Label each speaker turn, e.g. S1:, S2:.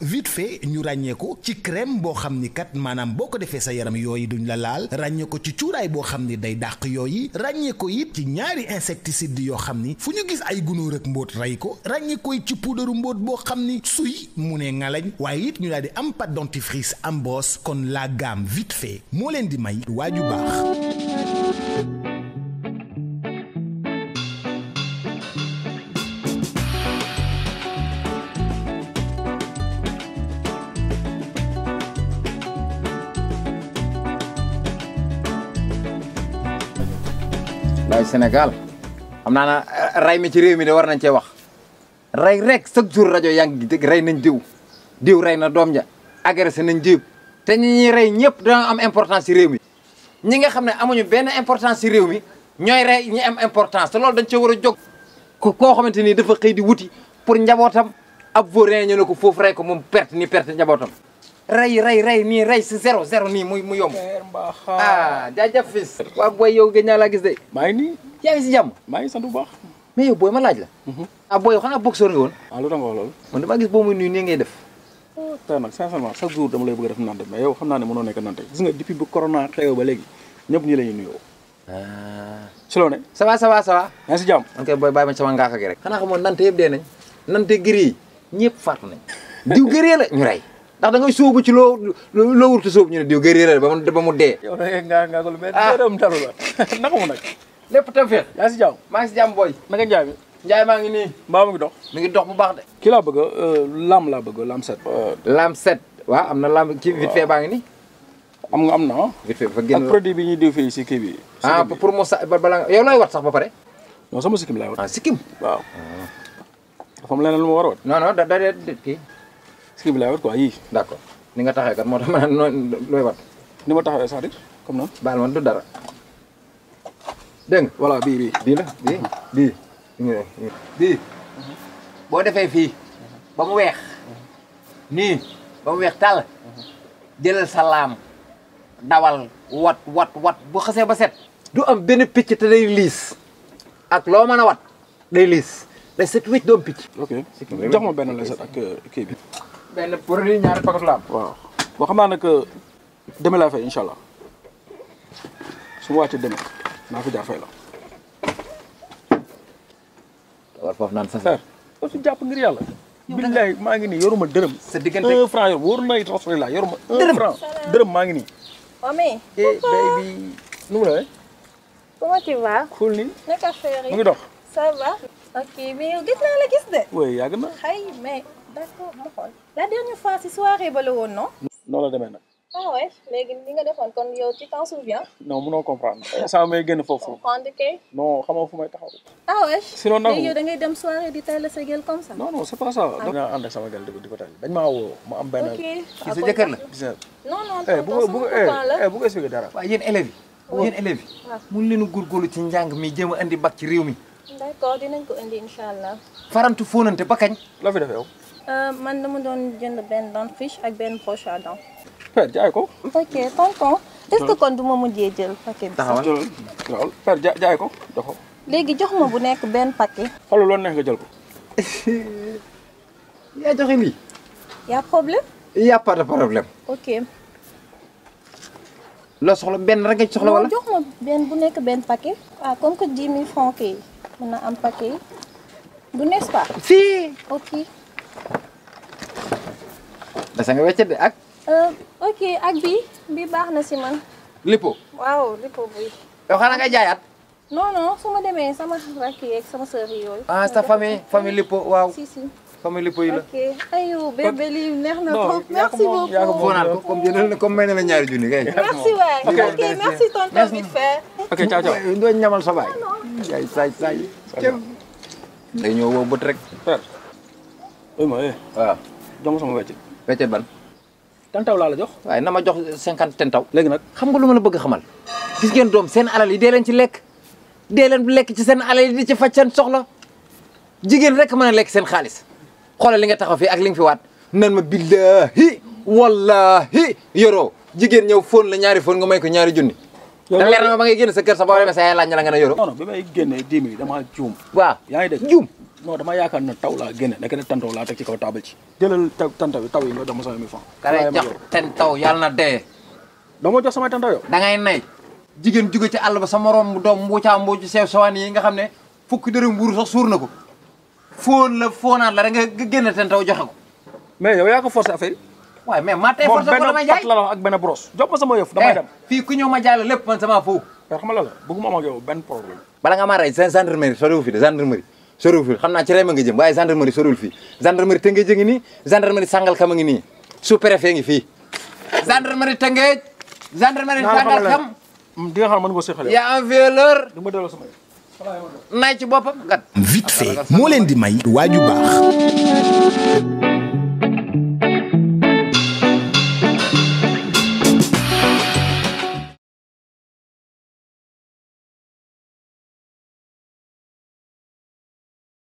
S1: vite fait ñu ràññee ko ci crème boo xam ni kat maanaam boo ko defee sa yaram yooyu duñu la laal ràññee ko ci cuuraay boo xam ni day dàq yooyu ràññee ko it ci ñaari insecticide yoo xam ni fu ñu gis ay gunóor ak mbóot rey ko ràññee ko it ci puudaru mbóot boo xam ni suy mu ne ngalañ waaye it ñu daal di am pat dentifrice am boos kon laa gamme vite fait moo leen di may waaju baax lay Senegal, amna na ray mi ci rew mi de war nañ ci wax ray rek chaque jour radio yang ngi nañ diw diw ray na dom ja agressé nañ diw te ñi ray ñepp da am importance ci rew mi ñi nga xamné amuñu ben importance ci rew mi ñoy ray ñi am importance te dañ ci wara jog ko ko xamanteni dafa xey di wuti pour njabotam ab vaurien ñu ne ko foofu rey ko moom perte ni perte njabotam Ray ray ray ni ray si zero zero ni muy muy yomb ah jaja fis. Wa booy yo gëj naa laa gis de maa ngi nii ngi si jam? maa ngi sant bu baax mais yow booy ma laaj la ah booy yow xanaa boxeur nga woon ah lu man gis muy ngay def tey nag sincèrement chaque jour dama lay bëgg a def nante mais yow xam naa ne mënoo nekk nante gis nga depuis bu corona xew ba léegi ñëpp ñi la ñuy nuyoo si loo ne ça va ça va ça va yaa ngi si jàmm ok booy bàyyi ma sama ngaaka gi rek nante giri yi ñëpp ndax da ngay suubu ci lo loo wurtu suub ñu ne diw gëri reer ba mu ba mu dee yow da nga nga ko lu mel dërëm talu la naka mu nag lépp tam feex yaa si jàmm maa ngi boy naka njaay mi njaay maa ngi nii mbaa mu ngi dox mi ngi dox bu baax de ki laa bëgg lam laa bëgg lam set lam set waaw amna lam ci vite fait baa ngi nii am nga am na vite fait fa génn ak produit bi ñuy diw fii si kii bi ah pour mu sa bala yow lay wat sax ba pare non sama sikkim lay wat ah sikim waaw dafa am leneen lu ma war a wat non non da da kii kii bi quoi yii. d' ni nga taxé kat moo tax ma naan wat. ni ma taxé cest à comme non bal man du dara dégg nga bi bii bii bii la bii bii bii boo defee fii ba mu weex ni ba mu weex tàll jëlal dawal wat wat wat bu xasse ba set du am ben pitch te day liis ak lo mën wat day liis day set wécc doom pitch ok jox mo ben la set ak kii bi benn produit ñaari paquet la am. waaw boo xam naa nag ma wàccee demee naa fi jaar fay la. war yàlla. maa ngi nii yoruma dërëm. sa diggante un franc yor wóor na transfert laa yoruma. un maa ngi nii.
S2: Omi. Oh, eh mu ngi dox. ça ok mais yow gis naa la mais. la dernière woon non. noonu demee nag. ah ouais léegi li nga defoon kon yow tu t'en souviens.
S1: non mënoo comprendre saa may foofu. non xamoo fu may taxaw.
S2: ah ouais sinon nangu yow da ngay dem soirée di taal sa gel comme ça. non non c'est pas ça. Ah. dinaa
S1: ànd sama gel di ko di dañ maa woo ma am benn. ok kii sa ah, jëkkër la. non non eh, eh, eh, dara. waaw yéen élèves yi. yéen élèves yi. Ah. mun leen a góorgóorlu ci njàng mi jéem a indi bac ci réew mi.
S2: d'accord dinañ ko indi incha
S1: farantu fóonante ba kañ. la fi defee yow.
S2: Euh, man dama doon jënd benn dentifrice ak benn broche à dents. père jaay ko. ok tonton. est kon du ma mujjee jël paquet bi. taxawal
S1: lool jaay ko
S2: léegi jox ma bu nekk benn paquet.
S1: xoolal loolu neex nga jël ko. yaa joxe lii. y'a problème. y'a pas de problème. ok. loo soxla benn rek nga soxla wala. jox
S2: ma bu nekk benn paquet. ah comme que dix mille yi mën na am paquet yi du n'est-ce pas.
S1: da sa nga wéccé ak
S2: euh ok ak bi bi na ci man lipo Wow, lipo bi yow xana nga jaayat non non suma démé sama rakk yi ak sama sœur yoy ah sa famille
S1: eh, famille lipo wow. si si famille lipo yi la
S2: ok ayo bébé li neex na trop merci beaucoup ya ko bonal ko
S1: comme jënal comme may la ñaari junni kay merci waay ok merci ton temps vite fait ok ciao ciao do ñamal sa bay yaay say say day ñoo wo beut rek frère oy ma eh waaw dama sama wéccé weccet ban tantaw laa la jox waaye na ma jox cinquante tantaw Legui nak xam nga lu ma la bëgg xamal gis ngeen doom seen alal yi de len ci lek. De len bu lek ci seen alal yi di ci faccan soxla Jigen rek mën lek lekk seen xaalis xoolal li nga taxaw fi ak li nga fi waat nan ma billahi wallahi yoro. Jigen ñew fóon la ñaari fóon nga may ko ñaari jooni. da leer na ma ba ngay genn sa kër sa boo demee sa lañ la nga na yoro. non non bi may genné 10000 dama joom. Wa. Yaay ngi Joom. non dama yaakaar ne taw laa génne nekk na tantaw laa teg ci kaw taabal ci jëlal tantaw yi taw yi nga jox ma sama na dee doo ma jox samay tantaw yow da ngay nay jigéen jóge ci àll ba sa morom bu doom mbuucaa mbuu ci sew yi nga xam ne fukki dërëm buuru suur na ko foon la foonaat la rek nga génne tantaw joxe ko ko forcé affaire yi waaw mais maa tey forcé ko damay jaay benn pat la la wax ak benn ma sama yëf damay eh, dem fii ku ñëw ma jaay la lépp man sama foofu xam nga yow benn problème bala nga maa rey gendarmerie soriwu fi de gendarmerie soriwul fii xam naa ci Rema nga jëm waaye gendarmerie soriwul fii gendarmerie Tëngéej a ngi nii gendarmerie Sangalkam a ngi nii sous ngi fii. gendarmerie Tëngéej. gendarmerie Sangalkam di nga xam mën nga ko seqalee. y a un violeur. du ma delloo ci boppam kat. vite fait moo leen di may. waaju
S2: baax.